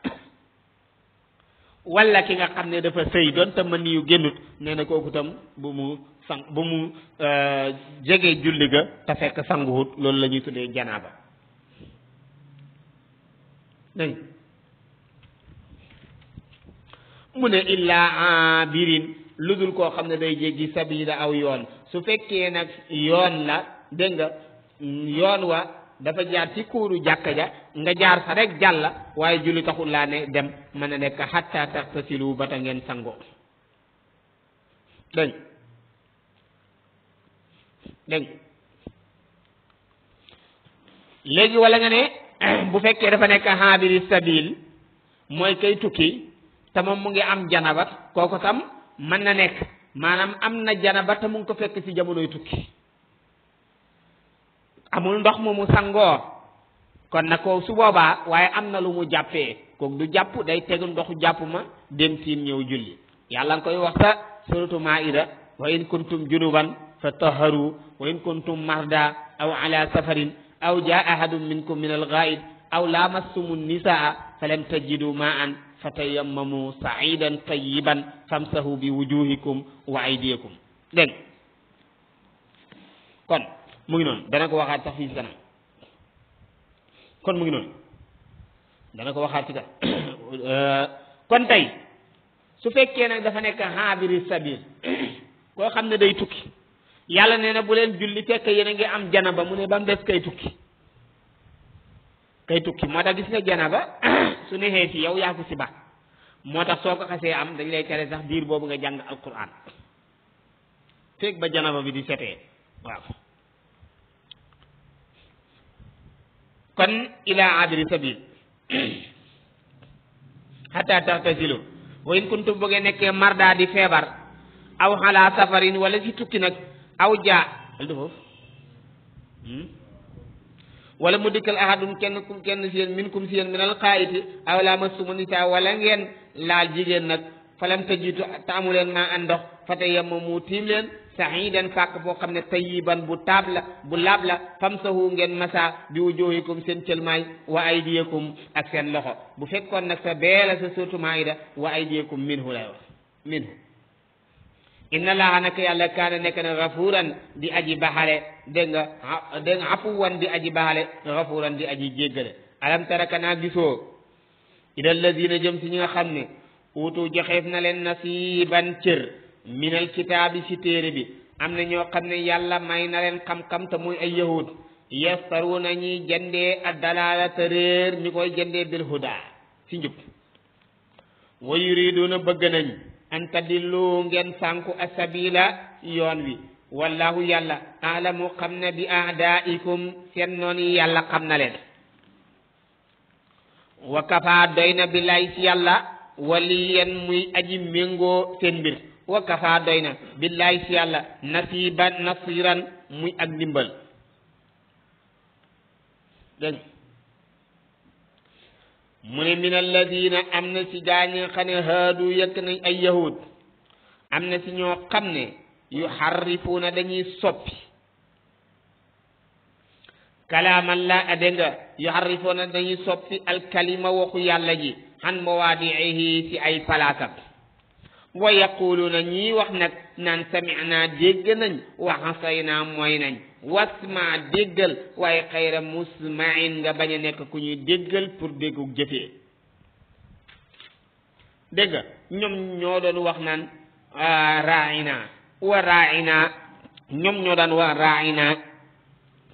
walla ki nga xam ne dafa sëy doon te mën yu génnut nee na kooku tam bu mu sang bu mu euh, jege julli ga te fekk sanguwut loolu la ñuy tuddee janaaba mu ne illaa birin lu dul koo xam ne day jéggi sabila aw yoon su fekkee nag yoon la dégg nga yoon wa dafa jaar ci kuuru jàkka ja nga jaar sa rek jàlla waaye julli taxul laa ne dem mën a nekk xatta taxtasilu ba ta ngeen sangoo dégg dégg léegi wala nga ne bu fekkee dafa nekk xaabiri sabil mooy kay tukki te moom mu ngi am janabat kooku tam mën na nekk maanaam am na janaba mu ngi ko fekk ci jamonoy tukki amul ndox mu mu sangoo kon na ko su boobaa waaye am na lu mu jàppee kooku du jàpp day tegu ndoxu jàpp ma dem siin ñëw julli yàlla koy wax sa suratu maida wa in kuntum junuban fa taharu wa kuntum marda aw ala safarin aw jaa ahadun minkum min alghaid aw lamassumu nisaa falam tajidu maan fatayammamu saidan tayiban famsahu bi wujuhikum wa aydiyakum dégg mu ngi noonu dana ko waxaat sax fii si kanam kon mu ngi noonu dana ko waxaat si kanam kon tey su fekkee nag dafa nekk xaabiri sabir koo xam ne day tukki yàlla nee na bu leen julli fekk yéen a ngi am janaba mu ne ba mu des kay tukki kay tukki moo tax gis nga janaba su neexee ci yow yaa si ba moo tax soo ko xasee am dañ lay tere sax biir boobu nga jàng alquran fekk ba janaba bi di setee waaw kon ila abiri sabil xataa taxtasilu wa in kuntum bu ngeen nekkee marda di feebar aw xalaa safarin wala ci tukki nag aw jaa aldu foofu hmm? wala mu dikkal ahadum kenn kum kenn si yéen min kum si yéen min al xaayiti aw laa mastumu nisaa wala ngeen laal jigéen nag falam tajitu te amu leen maa an ndox fa tayammamu tiim leen saxiidan fàkk foo xam ne tayiban bu taab la bu laab la famsahu ngeen masa bi wujuhikum seen cëlmaay wa aydiyakum ak seen loxo bu fekkoon nag sa beela sa sootu maayida wa aydiyakum minhu lay wax minhu inna laaha naka yàlla kaana nekk na gafuuran di aji baxale dégg nga dégg nga afuwan di aji baxale gafuuran di aji jéggale alam taraka naa gisoo ila alladina jëm si ñi nga xam ne uutu joxeef na leen nasiiban cër minal kitaabi ci téere bi am na ñoo xam ne yàlla may na leen xam-xam te muy ay yahud yastaruuna ñi jëndee addalaala te réer ñu koy jëndee bil huda ci njub wa yuriduuna bëgg nañ anta tadillu ngeen sànku asabila yoon wi wallahu yàlla aalamu xam ne bi aadaikum seen noon yi yàlla xam na leen wa kafa doy na billaay ci yàlla waliyan muy aji méngoo seen mbir wa kafa doy na billaay si yàlla nasiban nasiran muy ak ndimbal dégg mu ne min alladina am na si gaañi xam ne haadu ay yahud am si ñoo xam ne dañuy soppi kalaamallah a dégg nga dañuy soppi alkalima waxu yàlla ji an mawaadiihi ci ay palaasam wa yaquluuna ñii wax nag naan sami'naa dégg nañ wa asaynaa mooy nañ wasma déggal waaye xayra musmain nga bañ a nekk ku ñuy déggal pour déggu jëfee dégg ñoom ñoo doon wax naan raina wa raina ñoom ñoo daan wax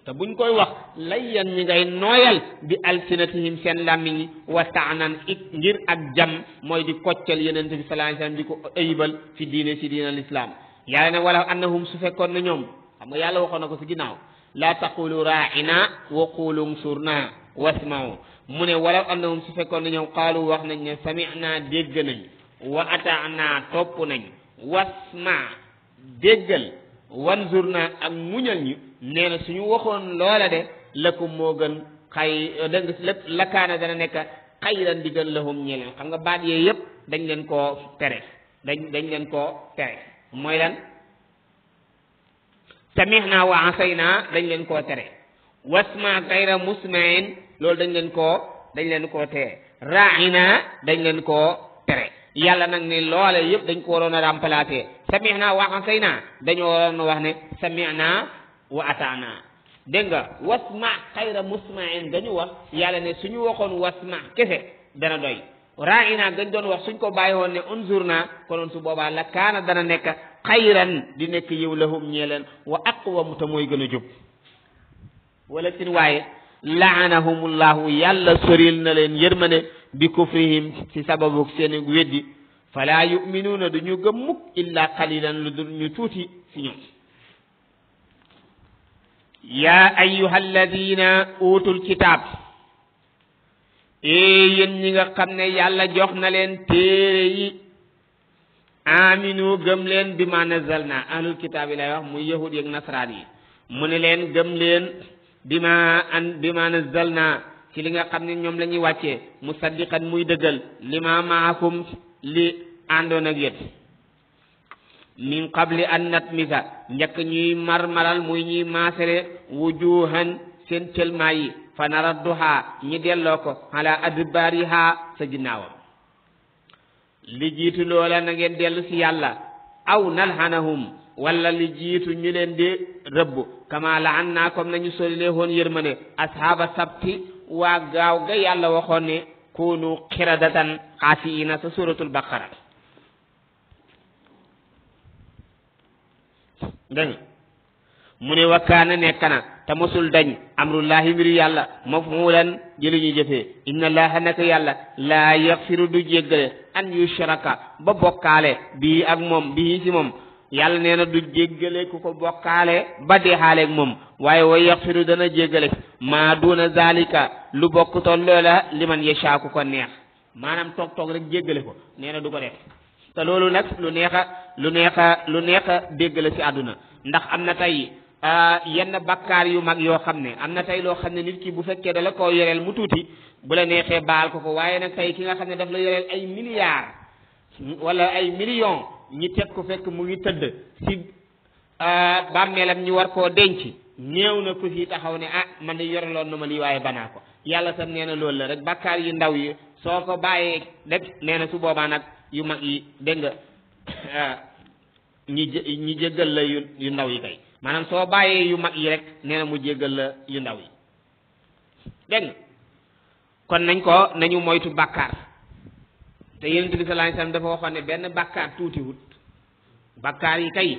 te bu buñ koy wax layyan ñi ngay nooyal bi alsinatihim seen làmmiñ yi wa taanan it ngir ak jam mooy di koccal yenente bi sallallahu alayhi di ko ayibal fi diine ci diine l'islam yàlla ne wala annahum su fekkoon na ñoom xam nga yàlla waxoon na ko ci ginnaaw laa taqulu raaina wa qulu nsurna wasmau mu ne walaw annahum su fekkoon ne ñoom qaalu wax nañ ne samina dégg nañ wa ataana topp nañ wasma déggal wan na ak muñal ñu nee na ñu waxoon loola de lakum moo gën xay dégg nga lépp lakkaana dana nekk xayran di gën lahum ñi leen xam nga baat yee yëpp dañ leen ko tere dañ dañ leen ko tere mooy lan samihna wa asayna dañ leen koo tere wasma gayra musmain loolu dañ leen koo dañ leen koo dañ leen koo tere yàlla nag ni loole yëpp dañ ko waroon a remplacer sami'na wa asayna dañoo waroon wax ne sami'na wa ata'na dégg nga wasma xayra musma'in dañu wax yàlla ne suñu waxoon wasma kese dana doy ra'ina dañ doon wax suñ ko bàyyi woon ne unzurna konoon su boobaa la kaana dana nekk xayran di nekk yiw lahum ñee leen wa aqwamu te gën a jub wala tin waaye la'anahumullahu yàlla soril na leen yërmane bi kufrihim ci sababu seeni weddi fala yuminuuna du ñu gëm mukk illa qalilan lu dul ñu tuuti si ñoom yaa ayuha alladina utul kitaab ee yéen ñi nga xam ne yàlla jox na leen téere yi aminu gëm leen bi ma nazalna ahlul kitaab yi lay wax muy yahud yeeg nasraan yi mu ne leen gëm leen bi ma an bi ma nazalna ci li nga xam ne ñoom lañuy wàcce mu musaddiqan muy dëggal lima maakum li àndoon ak yéen min qabli an natmisa njëkk ñuy marmaral muy ñuy maasere wujuhan seen cëlmaa yi fa naradduhaa ñi delloo ko ala adbaariha sa ginnaawam li jiitu loola na ngeen dellu si yàlla aw nalhanahum walla li ñu leen di rëbb kama lahan naa comme nañu sorilee woon yërmande ashaaba sabti waa gaaw ga yàlla waxoon ne kunu qiradatan xaasiina sa suratul baqara mu ne wakkaana nekk na te mosul dañ amrullahi mbiru yàlla mafmulan jëli ñu inna allaha naka yàlla laa du jéggale an yushraka ba bokkaale bii ak moom bii yàlla nee na du jéggale ku ko bokkaale ba dee moom waaye wa yaxfiru dana jéggale ma duuna zalika lu bokk toon loola liman yashaa ku ko neex maanaam toog toog rek jéggale ko nee na du ko def te loolu nag lu neex a lu neexa a lu neex a ci àdduna ndax am na tey yenn bakkaar yu mag yoo xam ne am na tey loo xam ne nit ki bu fekkee da la koo yoreel mu tuuti bu la neexee baal ko ko waaye nag tey ki nga xam ne daf la yoreel ay milliards wala ay millions. ñi teg ko fekk mu ngi tëdd si ah, bàmmeelam ñu war koo denc néew na ku fi taxaw ne ah man yoraloon na ma lii waaye banaa ko yàlla tam nee na loolu la rek bàkkaar yu ndaw yi soo ko bàyyee rek nee na su boobaa nag yu mag yi dégg nga ah, ñi ñi jéggal la yu ndaw yi kay maanaam soo bàyyee yu mag yi rek nee na mu jéggal la yu ndaw yi dégg kon nañ ko nañu moytu bàkkaar te yonent bi sallallahu alayhi wasallam dafa waxoon ne benn bàkkaar tuutiwut bàkkaar yi kay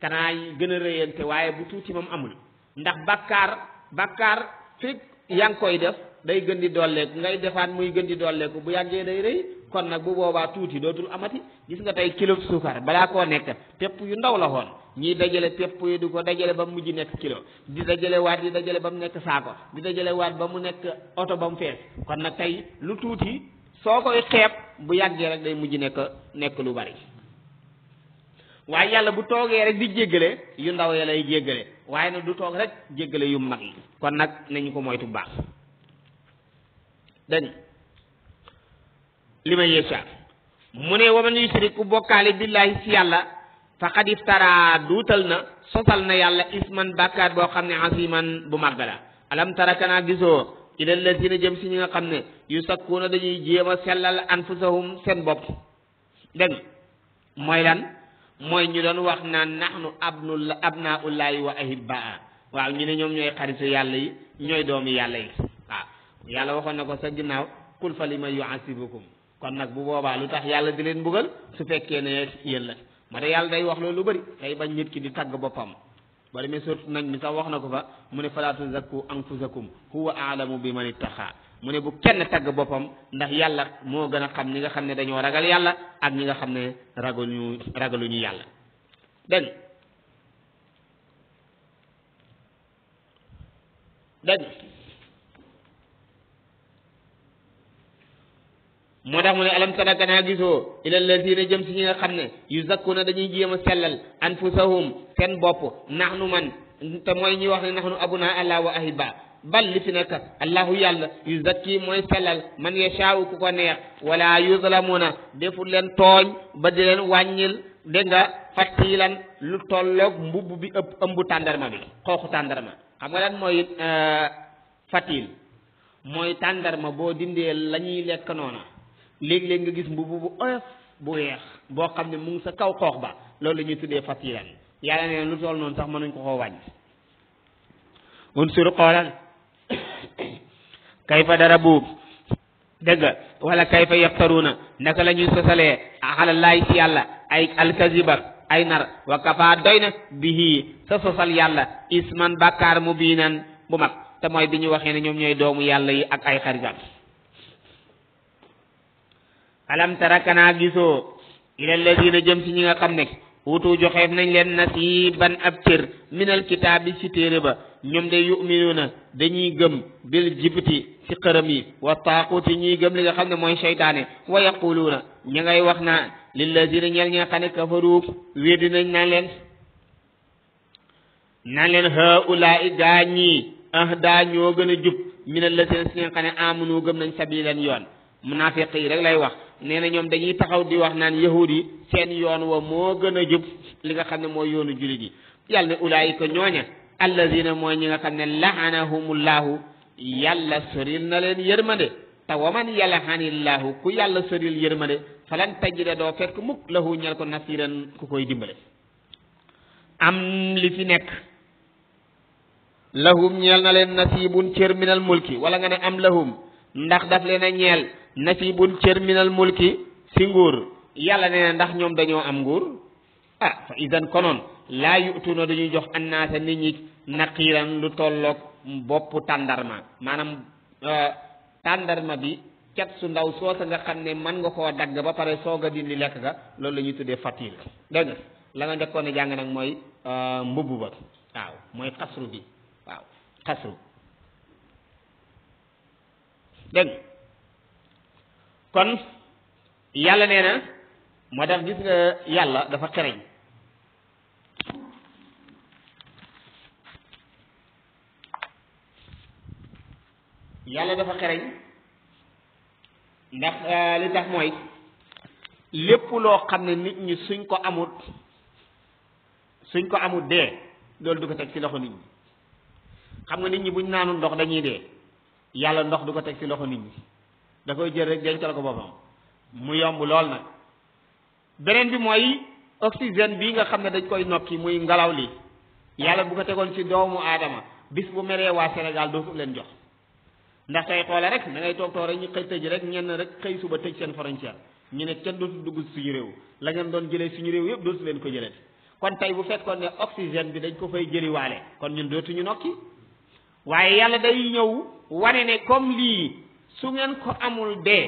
kanaa yi gën a rëyante waaye bu tuuti moom amul ndax bàkkaar bàkkaar fekk yaa koy def day gën di dolleeku ngay defaat muy gën di ko bu yàggee day rëy kon nag bu boobaa tuuti dootul amati gis nga tey kilo suukar balaa koo nekk pepp yu ndaw la woon ñiy dajale pepp yi di ko dajale ba mu mujj nekk kilo di dajale waat di dajale ba mu nekk saako di dajale waat ba mu nekk oto ba mu fees soo koy xeeb bu yàggee rek day mujj nekk nekk lu bari waaye yàlla bu toogee rek di jéggale yu ndaw ya lay jéggale waaye nag du toog rek jéggale yu mag yi kon nag nañu ko moytu baax dañ li ma yéesa mu ne waman yusrik ku bokkaale billaahi si yàlla faqad iftara duutal na sosal na yàlla isman bàkkaar boo xam ne asiman bu màgg la alam tara kana gisoo ci ila allazina jëm si ñu nga xam ne yu sakkuuna dañuy jéem a sellal anfusahum seen bopp dégg mooy lan mooy ñu doon wax naan nahnu abnu abnaullahi wa ahibbaa waaw ñu ne ñoom ñooy xaritu yàlla yi ñooy doomi yàlla yi waaw yàlla waxoon na ko sa ginnaaw qul fa may lima yuasibukum kon nag bu boobaa lu tax yàlla di leen mbugal su fekkee ne yéen la moo tax yàlla day wax loolu lu bari day bañ nit ki di tagg boppam boo demee surtout nañ mi sax wax na ko fa mu ne falaatu zakku anfusakum huwa aalamu bi man ittaqa mu ne bu kenn tagg boppam ndax yàlla moo gën a xam ñi nga xam ne dañoo ragal yàlla ak ñi nga xam ne ragaluñu ragaluñu yàlla dégg dégg moo tax mu ne alam tara ganaa gisoo ila lazina jëm si ñi nga xam ne yu zakkuna dañuy jéem a sellal anfusahum seen bopp naxnu man te mooy ñuy wax ne naxnu abuna allah wa ahiba bal li fi nekk allahu yàlla yu zakki mooy sellal man yashaawu ku ko neex wala yuzlamuna deful leen tooñ ba di leen wàññil dégg nga fatilan lu tolloog mbubb bi ëpp ëmbu tàndarma bi xooxu tàndarma xam nga lan mooy fatil mooy tàndarma boo dindee la ñuy lekk noona léeg-léeg nga gis mbubu bu oyof bu weex boo xam ne mu ngi sa kaw xoox ba loolu la ñuy tuddee fatilan yàlla nee lu toll noonu sax nañ ko koo wàññi unsur xoolal kayfa dara buub dëgg wala kayfa yaftaruuna naka la ñuy sosalee axalallaay ci yàlla ay alkaziba ay nar wa doy na bihi sa sosal yàlla isman bàkkaar mu biinan bu mag te mooy bi ñu waxee ne ñoom ñooy doomu yàlla yi ak ay xaritam alam tarakana giso gisoo ila alladina jëm ci ñinga xamne wutu joxe nañ len nasiban abtir min minal kitaab ci téere ba ñom de yu'minuna dañuy gëm bil jibti ci xaram yi wa taquti ñi gëm li nga xamne moy shaytané wa yaquluna ñi ngay wax naa lillazina ñeel ñi nga kafaru wedi nañ na len na len haulaai gaa ñii ahdaa ñoo gëna jup min minal lazina si nga xam amunu gëm nañ sabilan yoon munafiqi rek lay wax nee na ñoom dañuy taxaw di wax naan yahud yi seen yoon wa moo gën a jub li nga xam ne mooy yoonu jullit yi yàlla ne ulaayika ñooña allazina mooy ñi nga xam ne laanahumullahu yàlla soril na leen yërmande te waman yalahanillahu ku yàlla soril yërmande falan tajida doo fekk mukk lahu ñel ko nasiran ku koy dimbale am li ci nekk lahum ñeel na leen nasibun cër minal mulki wala nga ne am lahum ndax daf leen a ñeel nasibun cër minal mulki si nguur yàlla nee na ndax ñoom dañoo am nguur ah fa idan konoon laa yutuuna dañuy jox annaasa nit ñi naqiiran lu tolloog boppu tàndarma maanaam euh, tàndarma bi cat su ndaw soosa nga xam ne mën nga koo dagg ba pare soog a dindi lekk ga loolu la ñuy tuddee fatil dégg nga la nga njëkkoon a nag mooy euh, mbubb ba waaw mooy xasru bi waaw xasru dégg kon yàlla nee na moo tax gis yàlla dafa xereñ yàlla dafa xereñ ndax euh, li tax mooy lépp loo xam ne nit ñi suñ ko amut suñ ko amut dee loolu du ko teg ci loxo nit ñi xam nga nit ñi buñ naanul ndox dañuy dee yàlla ndox du ko teg ci loxo nit ñi da koy jël rek dencal ko boppam mu yomb lool nag beneen bi mooy oxygène bii nga xam ne dañ koy nokki muy ngelaw li yàlla bu ko tegoon ci doomu aadama bis bu meree waa Sénégal ko leen jox ndax tey xoola rek da ngay toog toog rek ñu xëy tëj rek ñenn rek xëy suba tëj seen frontière ñu ne kenn dootu dugg suñu réew la ngeen doon jëlee suñu réew yëpp dootu leen ko jëlee kon tey bu fekkoon ne oxygène bi dañ ko fay jëliwaale kon ñun dootuñu nokki waaye su ngeen ko amul dee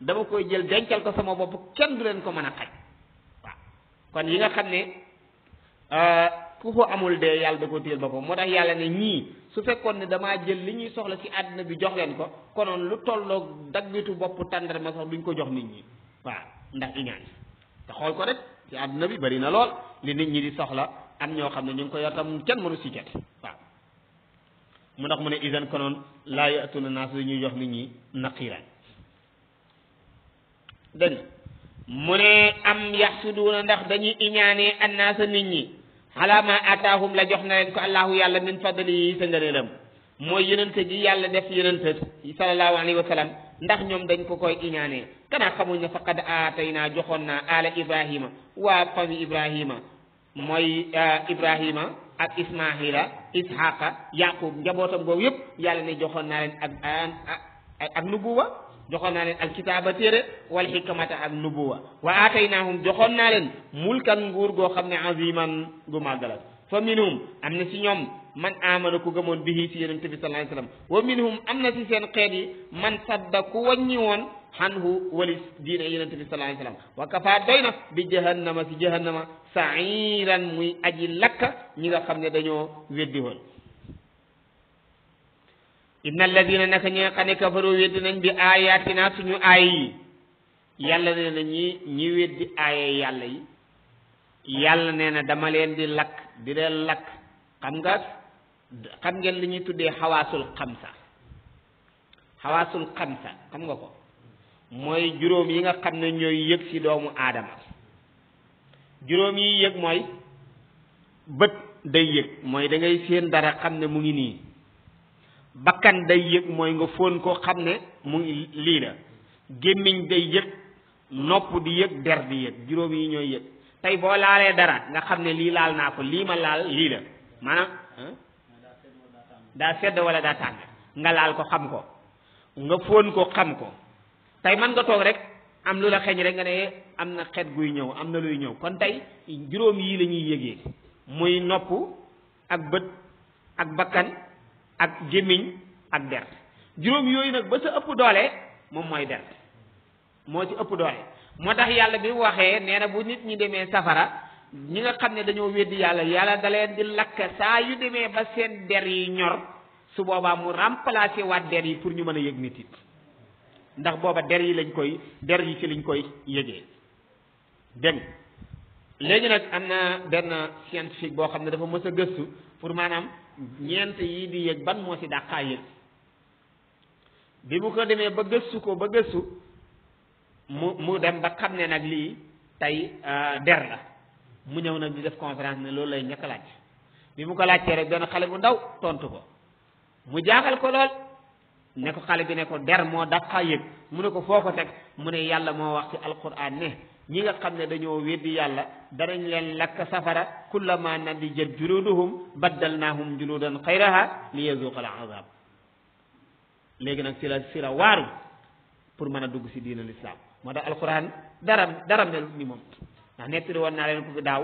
dama koy jël dencal ko sama bopp kenn du leen ko mën a xaj waaw kon yi nga xam ne euh, ku ko amul dee yàlla da ko téyel boppam moo tax yàlla ne ñii su fekkoon ne damaa jël li ñuy soxla ci àddina bi jox leen ko konoon lu tollook daggitu boppu tàndarma sax duñ ko jox nit ñi waaw ndax iñaan te xool ko rek ci àddina bi bari na lool li nit ñi di soxla am ñoo xam ne ñu ngi ko yor tam kenn mënu si jot waaw mu ndax mu ne isan konoon laa yatuna naas du ñuy jox nit ñi naqiran dégg mu ne am yaxsuduuna ndax dañuy iñaanee annaasa nit ñi xalaa ataahum la jox na leen ko allahu yàlla min fadli yi sa ngëneelam mooy yenente gi yàlla def yenente sallallahu alayhi wa dañ ko koy iñaanee kanaa xamuñ ne faqad aatay waa fami ibrahima mooy ah, ibrahima ak ismaila ishaqa yaqub njabootam boobu yëpp yàlla ne joxoon naa leen ak ak ak nubuwa joxoon naa leen alkitaaba téere wal xikmata ak nubuwa wa aataynaahum joxoon naa leen mulkan nguur goo xam aziman gu màggal fa minhum am na man amana ku gëmoon bihi si yonente bi sallallahu alayhi wasallam wa minhum am na si seen yi man sadda ku wàññi woon walis diine yonente bi sallallahu alayhi wasallam wa kafa doy bi jahannama si jahannama sa sairan muy aji lakk ñi nga xam ne dañoo weddi woon inna alladina naka ñi nga xam ne kafaru weddi nañ bi ayatina suñu aay yi yàlla nee na ñi ñi weddi aaye yàlla yi yàlla nee na dama leen di lakk di leen lakk xam nga xam ngeen li ñuy tuddee xawaasul xamsa xawaasul xamsa xam nga ko mooy juróom yi nga xam ne ñooy yëg ci doomu aadama juróom yi yëg mooy bët day yëg mooy da ngay séen dara xam ne mu ngi nii bakkan day yëg mooy nga fóon ko xam ne mu ngi lii la gémmiñ day yëg nopp di yëg der di yëg juróom yi ñooy yëg tey boo laalee dara nga xam ne lii laal naa ko lii ma laal lii la maanaam daa sedd wala daa tàng nga laal ko xam ko nga fóon ko xam ko tey man nga toog rek am lu la xeeñ rek nga ne am na xet guy ñëw am na luy ñëw kon tey juróom yii la ñuy yëgee muy nopp ak bët ak bakkan ak gémmiñ ak der juróom yooyu nag ba sa ëpp doole moom mooy der moo ci ëpp doole moo tax yàlla bi waxee nee na bu nit ñi demee safara ñi nga xam ne dañoo weddi yàlla yàlla da leen di lakk saa yu demee ba seen der yi ñor su boobaa mu remplacer waat der yi pour ñu mën a yëg nit it ndax booba der yi lañ koy der yi ci lañ koy yëgee dégg léegi nag am na benn scientifique boo xam ne dafa mës a gëstu pour maanaam mhm. ñeent yi di yéeg ban moo ci dàqaa yéeg bi mu ko demee ba gëstu ko ba gëstu mu mu dem ba xam ne nag lii tey euh, der la mu ñëw nag di def conférence ne loolu lay ñëkk laaj bi mu ko laajtee rek benn xale bu ndaw tontu ko mu jaaxal ko lool ne ko xale bi ne ko der moo dàqaa yéeg mu ne ko foo ko teg mu ne yàlla moo wax ci alquran ne ñi nga xam ne dañoo weddi yàlla danañ leen lakk safara kullama nadijat juluduhum baddalnaahum juludan xayraha li yazuqa al azab léegi nag ci la si la waaru pour mën a dugg si diin al islam moo tax alquran dara dara mel ni moom ndax nettali woon naa leen ko fi daaw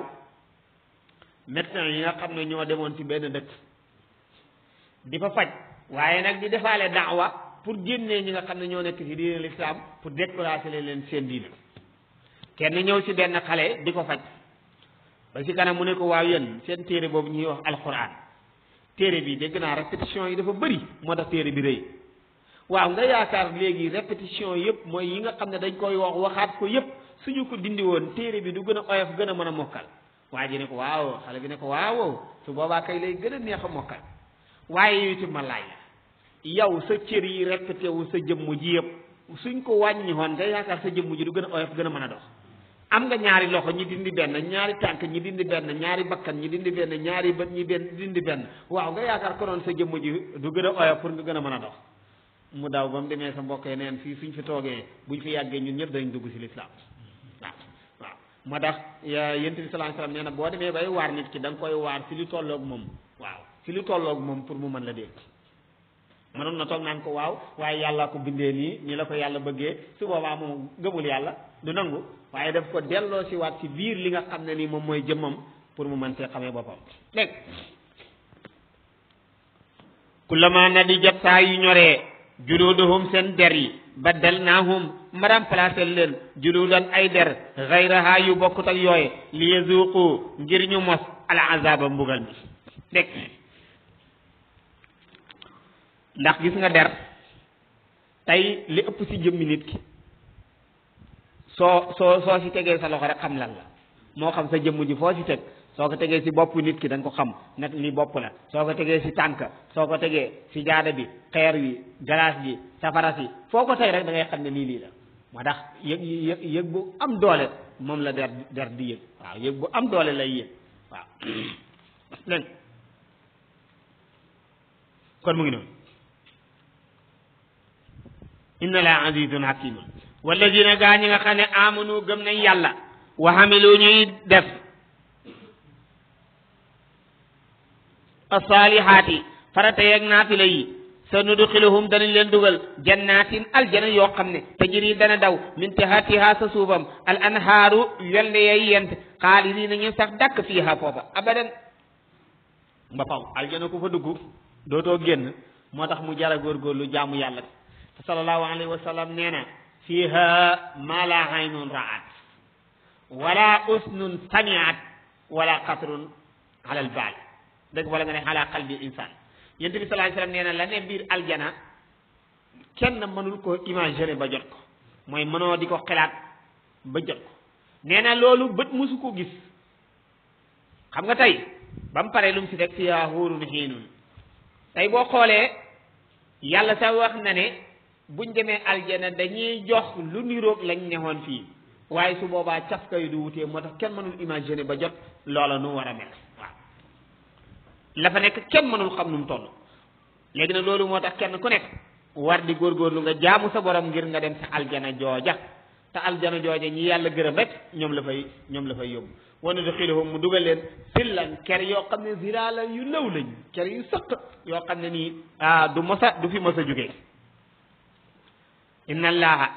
médecin yi nga xam ne ñoo demoon ci benn dëkk di fa faj waaye nag di defaale daawa pour génnee ñi nga xam ne ñoo nekk si diin al islam pour décourager leen seen diina kenn ñew si ben xalé diko fajj ba si kanam mu ne ko waaw yeen seen téré bobu ñi wax alquran téré bi degg na répétition yi dafa bari mo da téré bi rëy waaw nga yaakar léegi répétition yépp moy yi nga xam dañ koy wax waxat ko yépp suñu ko dindi won téré bi du gëna a oyof gën a mën ne ko waaw xalé bi ne ko waaw su boba kay lay gëna neex mokal waye yu ci sa cër yi répété wu sa jëm ji yépp suñ ko wàññi hon nga yaakar sa jëm ji du gëna oyof dox am nga ñaari loxo ñi dindi ben ñaari tank ñi dindi ben ñaari bakkan ñi dindi ben ñaari bët ñi ben dindi ben waaw nga ko non sa jëm ji du gëna oya pour nga gëna mëna dox mu daw ba démé sa mbokk yi fi suñ fi toogee buñ fi yaggé ñun ñëpp dañ dugg ci l'islam waaw waaw ma tax yentu ya, bi sallallahu alayhi wasallam néna bo démé bay war nit ki dang koy war ci li tollok mom waaw ci li tollok mom pour mu mën la dégg mënoon na tok nan ko waaw waaye yalla ko bindee ni ñi la ko yalla bëggee su boba moom gëmul yalla du nangu waaye daf ko delloo si waat ci biir li nga xam ne ni moom mooy jëmmam pour mu mën see xamee boppam dégg kullama nadijat saa yu ñoree juluduhum seen der yi baddalnaahum ma remplacé leen juludan ay der xayraha yu bokkut ak yooye li yazuqu ngir ñu mos al mbugal mi ndax gis nga der tey li ëpp ci jëmmi nit ki soo soo soo si tegee sa loxo rek xam lan la moo xam sa jëmm ji foo si teg soo ko tegee si bopp nit ki dañ ko xam nag li bopp la soo ko tegee si tànk soo ko tegee si jaada bi xeer wi galaas bi safara si foo ko tey rek da ngay xam ne lii lii la moo tax yëg yëg bu am doole moom la der der di yëg waaw yëg bu am doole lay yëg waaw dégg kon mu ngi noonu inna laa azizun hakimun والذين غاني نغا خاني امنو گم نان يالا وحملو ني دف الصالحات فرت يك نافلي سندخلهم دن لين دوغل جنات الجنة يو خامني تجري دنا داو من تحتها سسوبم الانهار يلني ينت خالدين ني سخ دك فيها فوبا ابدا ما فاو الجنة كو فا دوغو دوتو ген motax mu jara gor gor lu jamu yalla sallallahu alaihi wasallam fiha ma la aynun raat wala usnun samiat wala xatrun ala baal dëgg wala nga ne ala qalbi insan yent bi sallallahu alayhi wasallam nee na la ne biir aljana kenn mënul ko imaginer ba jot ko mooy mënoo di ko xelaat ba jot ko nee loolu bët mësu ko gis xam nga tey ba mu paree lu mu si rek fiha huurun xiinun tey boo xoolee yàlla sa wax na ne buñ demee aljana dañuy jox lu niroog lañ newoon fii waaye su boobaa cafka yi du wutee moo tax kenn mënul imaginer ba jot loola nu war a mel waaw la fa nekk kenn mënul xam nu mu toll léegi nag loolu moo tax kenn ku nekk war di góorgóorlu nga jaamu sa borom ngir nga dem sa aljana jooja te aljana jooja ñi yàlla gërëm rek ñoom la fay ñoom la fay yóbbu wane du xilihum mu dugal leen sillan ker yoo xam ne zirala yu law lañ ker yu sëq yoo xam ne nii ah du mosa du fi mos jógee إن الله